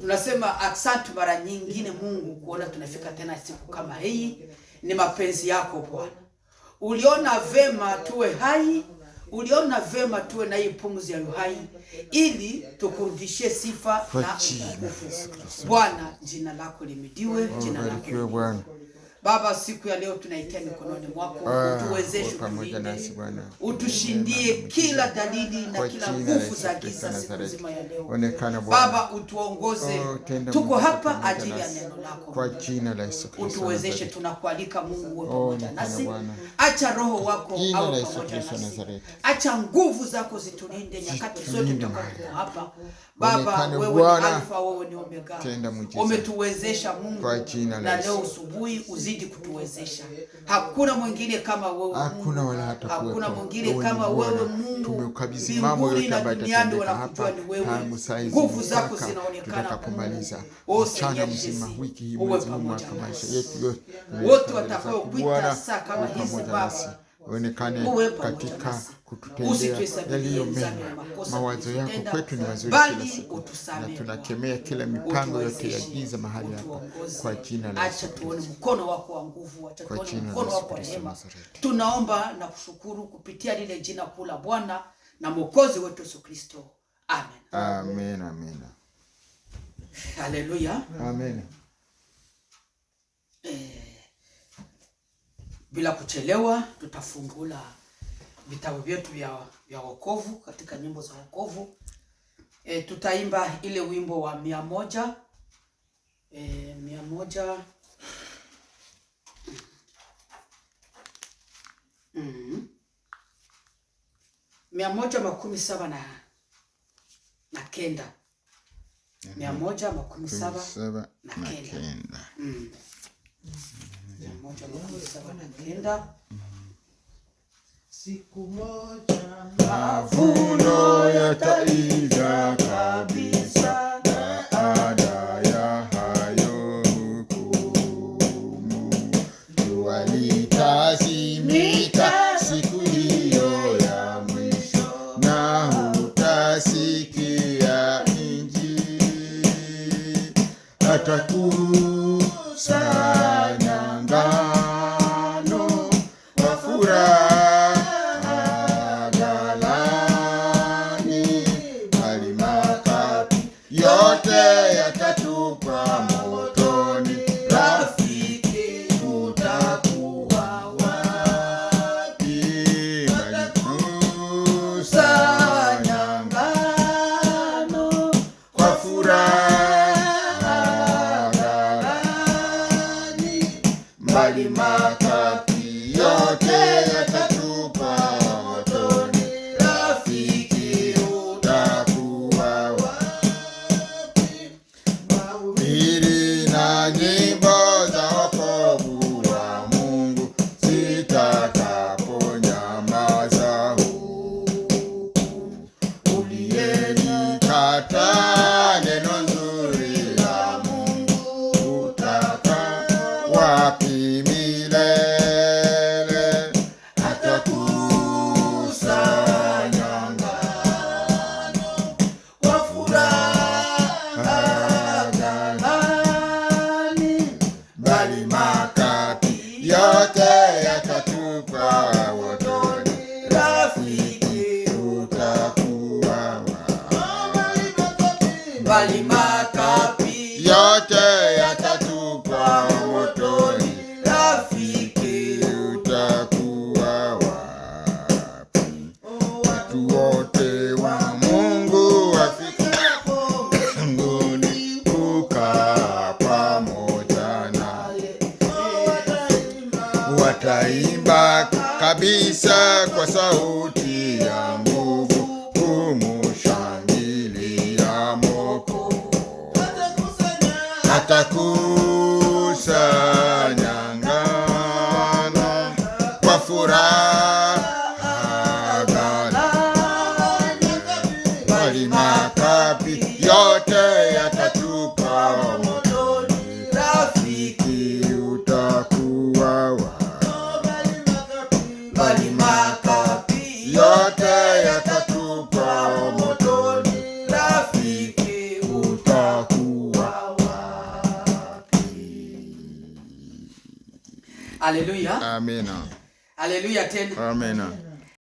Tunasema asante mara nyingine Mungu kuona tunafika tena siku kama hii. Ni mapenzi yako Bwana, uliona vema tuwe hai, uliona vema tuwe na hii pumzi ya uhai, ili tukurudishie sifa na Bwana, jina lako limidiwe, jina lako Baba, siku ya leo tunaitia mikononi mwako, ah, utuwezeshe, pamoja nasi Bwana, utushindie kila dalili na kila nguvu za giza siku nzima ya leo. Onekana Bwana Baba, utuongoze, oh, tuko hapa ajili ya neno lako, kwa jina la Yesu Kristo, utuwezeshe. Tunakualika Mungu wewe oh, pamoja nasi, acha roho wako au pamoja nasi, acha nguvu zako zitulinde nyakati zote tutakapo hapa. Baba, wewe ni Alfa, wewe ni Omega, umetuwezesha Mungu na leo asubuhi uzi zidi kutuwezesha. Hakuna mwingine kama wewe, hakuna wala hata hakuna mwingine kama wewe Mungu. mambo yote ambayo itatendeka hapa, nguvu zako zinaonekana kumaliza oh, mchana mzima, wiki hii, mwezi huu, mwaka, maisha yetu yote, wote watakao kuita saa kama hizi Baba onekane katika kututendea yaliyo mema. Mawazo yako kwetu ni mazuri kila siku, na tunakemea kila mipango yote ya giza mahali hapa, kwa jina la Yesu Kristo Nazareti. Tunaomba na kushukuru kupitia lile jina kuu la Bwana na Mwokozi wetu Yesu Kristo, amen. Amen, amen. Haleluya. Amen. Eh. Bila kuchelewa tutafungula vitabu vyetu vya, vya wokovu katika nyimbo za wokovu. E, tutaimba ile wimbo wa mia moja e, mia moja mm. mia moja makumi saba na, na kenda mia mm-hmm. moja makumi saba na kenda mm moja na kenda siku moja mavuno yataiva kabisa. yote yatatupwa motoni. Rafiki, utakuwa wapi? Watakusanya ngano kwa furaha ghalani, mbali yote yatatupwa motoni, rafiki utakuwa wapi? Watu wote wa Mungu wafikiapo mbinguni kukaa pamoja naye, wataimba kabisa kwa sauti ya Tutakusanyangana kwa furaha ghalani, bali makapi yote yatatupa motoni. Rafiki utakuwa wangu, bali makapi Haleluya. Amen. Haleluya Amen. Amina.